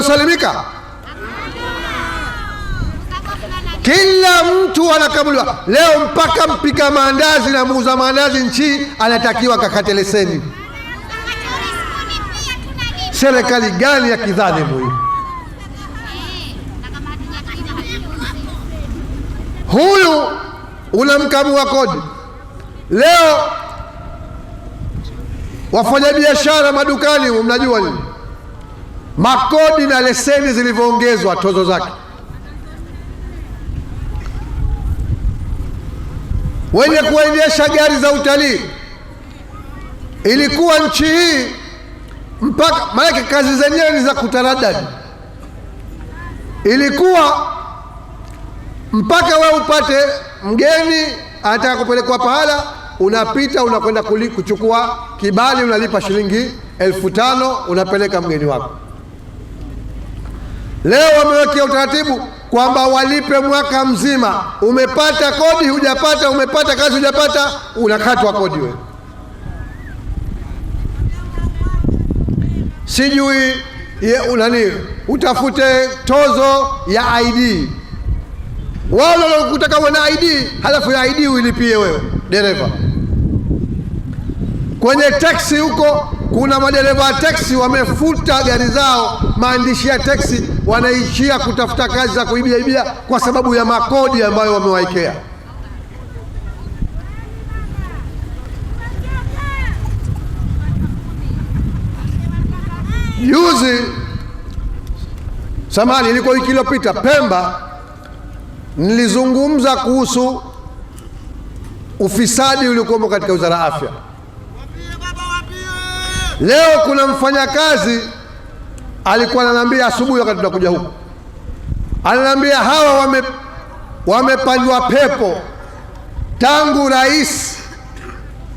limesalimika. Kila mtu anakamuliwa leo, mpaka mpika maandazi na muuza maandazi nchi anatakiwa kakate leseni. Serikali gani ya kidhalimu hii? Huyu unamkamua kodi leo, wafanyabiashara madukani, mnajua nini Makodi na leseni zilivyoongezwa tozo zake, wenye kuendesha gari za utalii ilikuwa nchi hii mpaka, maanake kazi zenyewe ni za kutaradadi, ilikuwa mpaka we upate mgeni anataka kupelekwa pahala, unapita unakwenda kuchukua kibali, unalipa shilingi elfu tano unapeleka mgeni wako. Leo wamewekea utaratibu kwamba walipe mwaka mzima. Umepata kodi hujapata, umepata kazi hujapata, unakatwa kodi wewe. Sijui nani, utafute tozo ya ID, wala kutaka uwe na ID, halafu ya ID uilipie wewe dereva. Kwenye teksi huko kuna madereva wa teksi wamefuta gari zao maandishi ya teksi wanaishia kutafuta kazi za kuibia kwa sababu ya makodi ambayo wamewaekea. Juzi samani, ilikuwa wiki iliyopita, Pemba, nilizungumza kuhusu ufisadi uliokuwemo katika wizara ya afya. Leo kuna mfanyakazi alikuwa ananiambia asubuhi, wakati tunakuja huku, ananiambia hawa wame wamepandwa pepo tangu rais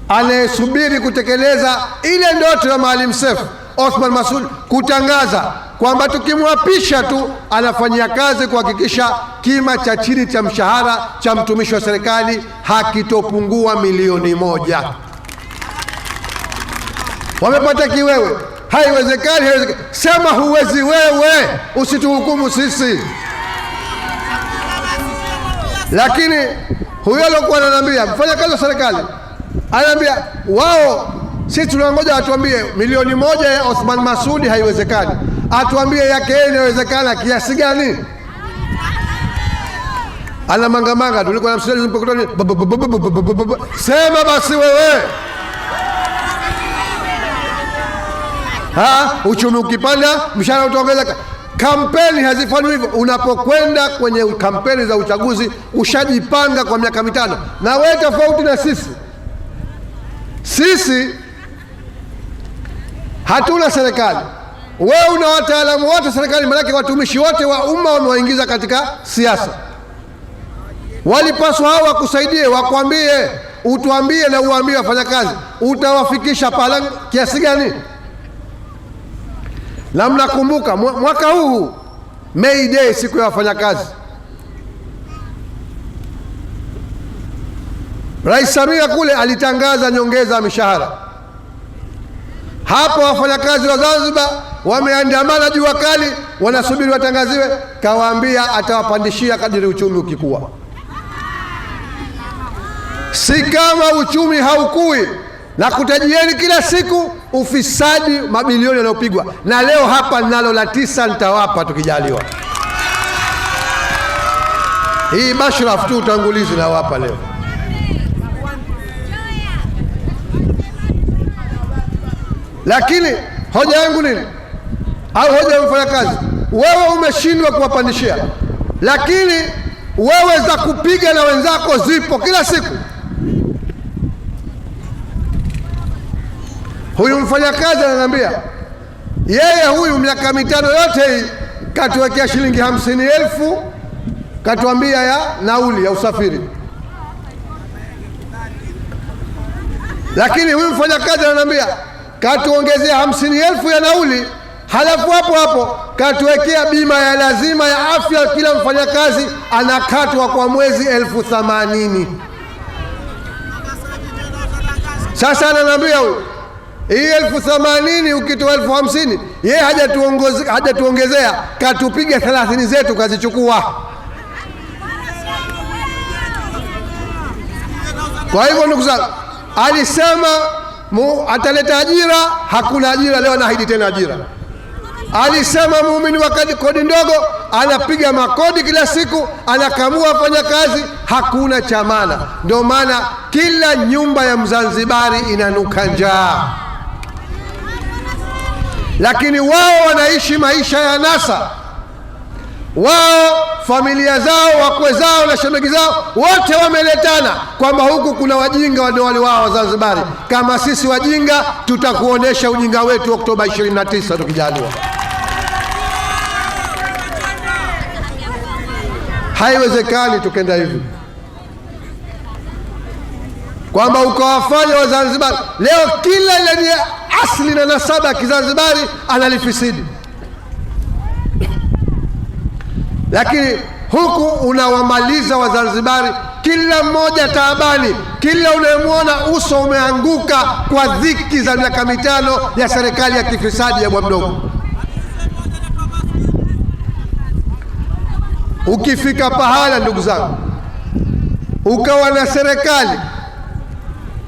anayesubiri kutekeleza ile ndoto ya Maalim Seif Othman Masud kutangaza kwamba tukimwapisha tu anafanyia kazi kuhakikisha kima cha chini cha mshahara cha mtumishi wa serikali hakitopungua milioni moja. Wamepata kiwewe Haiwezekani, Sema huwezi wewe, usituhukumu sisi. Lakini huyo aliokuwa ananiambia mfanya kazi wa serikali ananiambia wao, sisi tunangoja atuambie milioni moja ya Othman Masudi haiwezekani, atuambie yake yeye inawezekana kiasi gani? Ana mangamanga, tulikuwa na sema basi wewe ha, uchumi ukipanda mshahara utaongezeka. Kampeni hazifanywi hivyo. Unapokwenda kwenye kampeni za uchaguzi, ushajipanga kwa miaka mitano. Na wewe tofauti na sisi, sisi hatuna serikali, wewe una wataalamu wote serikali, maanake watumishi wote wa umma wamewaingiza katika siasa. Walipaswa hao wakusaidie, wakwambie, utuambie na uambie wafanyakazi, utawafikisha pala kiasi gani? Na mnakumbuka mwaka huu May Day, siku ya wafanyakazi, Rais Samia kule alitangaza nyongeza ya mishahara. Hapo wafanyakazi wa Zanzibar wameandamana jua kali, wanasubiri watangaziwe. Kawaambia atawapandishia kadiri uchumi ukikua. Si kama uchumi haukui na kutajieni kila siku ufisadi, mabilioni yanayopigwa. Na leo hapa nalo la tisa nitawapa tukijaliwa. Hii bashraf tu utangulizi nawapa leo. Lakini hoja yangu nini, au hoja ya mfanyakazi kazi, wewe umeshindwa kuwapandishia, lakini wewe za kupiga na wenzako zipo kila siku. Huyu mfanyakazi ananiambia yeye huyu miaka mitano yote hii katuwekea shilingi hamsini elfu katuambia ya nauli ya usafiri, lakini huyu mfanyakazi ananiambia katuongezea hamsini elfu ya nauli, halafu hapo hapo katuwekea bima ya lazima ya afya. Kila mfanyakazi anakatwa kwa mwezi elfu themanini. Sasa ananiambia huyu hii elfu themanini ukitoa elfu hamsini yeye hajatuongezea, katupiga thelathini zetu kazichukua. Kwa hivyo ndugu zangu, alisema ataleta ajira, hakuna ajira leo, anaahidi tena ajira. Alisema muumini wa kodi ndogo, anapiga makodi kila siku, anakamua kazi hakuna chamana. Ndio maana kila nyumba ya Mzanzibari inanuka njaa lakini wao wanaishi maisha ya nasa. Wao familia zao, wakwe zao na shemegi zao wote wameletana kwamba huku kuna wajinga wale wale wao Wazanzibari. Kama sisi wajinga, tutakuonesha ujinga wetu Oktoba 29 tukijaliwa. Haiwezekani tukenda hivi kwamba ukawafanya Wazanzibari leo kila lenye asli na nasaba ya Kizanzibari analifisidi, lakini huku unawamaliza Wazanzibari, kila mmoja taabani, kila unayemwona uso umeanguka kwa dhiki za miaka mitano ya serikali ya kifisadi ya bwa mdogo. Ukifika pahala, ndugu zangu, ukawa na serikali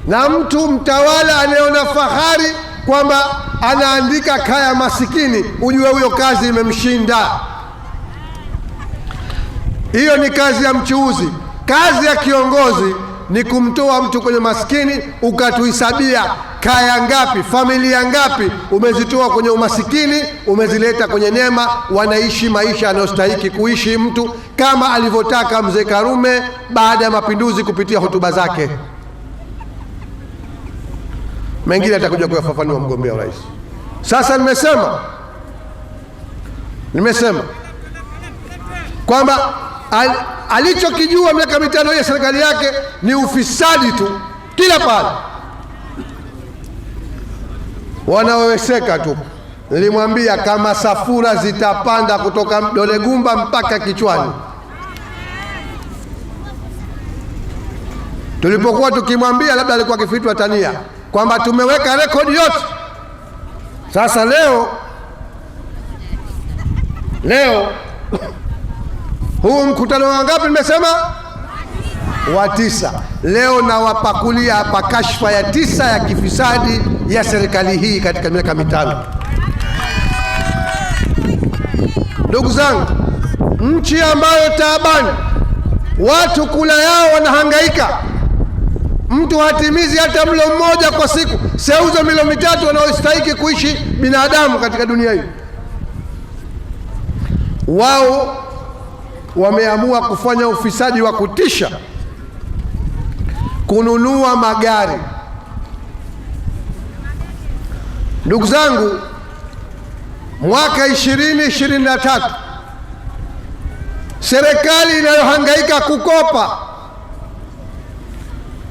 na mtu mtawala anayeona fahari kwamba anaandika kaya masikini, ujue huyo kazi imemshinda. Hiyo ni kazi ya mchuuzi. Kazi ya kiongozi ni kumtoa mtu kwenye masikini ukatuhisabia kaya ngapi, familia ngapi umezitoa kwenye umasikini, umezileta kwenye neema, wanaishi maisha yanayostahiki kuishi mtu, kama alivyotaka Mzee Karume baada ya mapinduzi kupitia hotuba zake mengine atakuja kuyafafanua mgombea rais Sasa nimesema nimesema kwamba al, alichokijua miaka mitano ya serikali yake ni ufisadi tu, kila pale wanaoweseka tu. Nilimwambia kama safura zitapanda kutoka dole gumba mpaka kichwani. Tulipokuwa tukimwambia labda alikuwa akifitwa tania kwamba tumeweka rekodi yote. Sasa leo leo huu mkutano wa ngapi? Nimesema wa tisa. Leo nawapakulia hapa kashfa ya tisa ya kifisadi ya serikali hii katika miaka mitano. Ndugu zangu, nchi ambayo taabani watu kula yao wanahangaika Mtu hatimizi hata mlo mmoja kwa siku, seuzo milo mitatu wanaostahiki kuishi binadamu katika dunia hii. Wao wameamua kufanya ufisadi wa kutisha, kununua magari. Ndugu zangu, mwaka 2023 serikali inayohangaika kukopa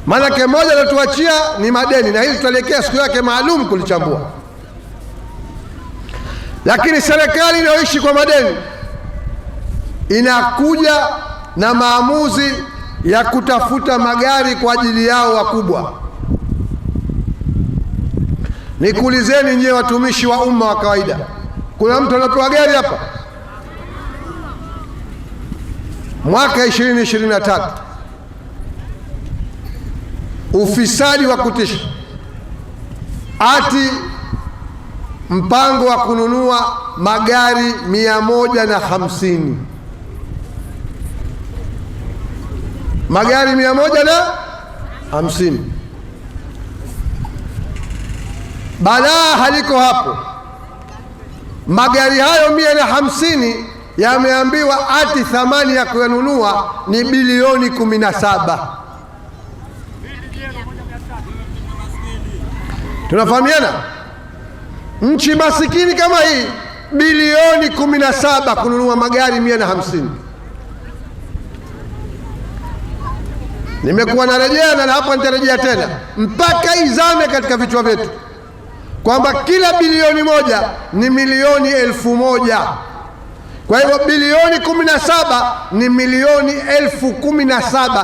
Maanake moja aliotuachia ni madeni, na hili tutaelekea siku yake maalum kulichambua. Lakini serikali inayoishi kwa madeni inakuja na maamuzi ya kutafuta magari kwa ajili yao wakubwa. Nikuulizeni nyie watumishi wa umma wa kawaida, kuna mtu anapewa gari hapa? Mwaka 2023 ufisadi wa kutisha, ati mpango wa kununua magari mia moja na hamsini magari mia moja na hamsini. Balaa haliko hapo. Magari hayo mia na hamsini yameambiwa ati thamani ya kuyanunua ni bilioni kumi na saba. tunafahamiana. Nchi masikini kama hii bilioni 17 kununua magari 150. Nimekuwa narejea na hapa nitarejea tena mpaka izame katika vichwa vyetu kwamba kila bilioni moja ni milioni elfu moja. Kwa hivyo bilioni 17 ni milioni elfu kumi na saba.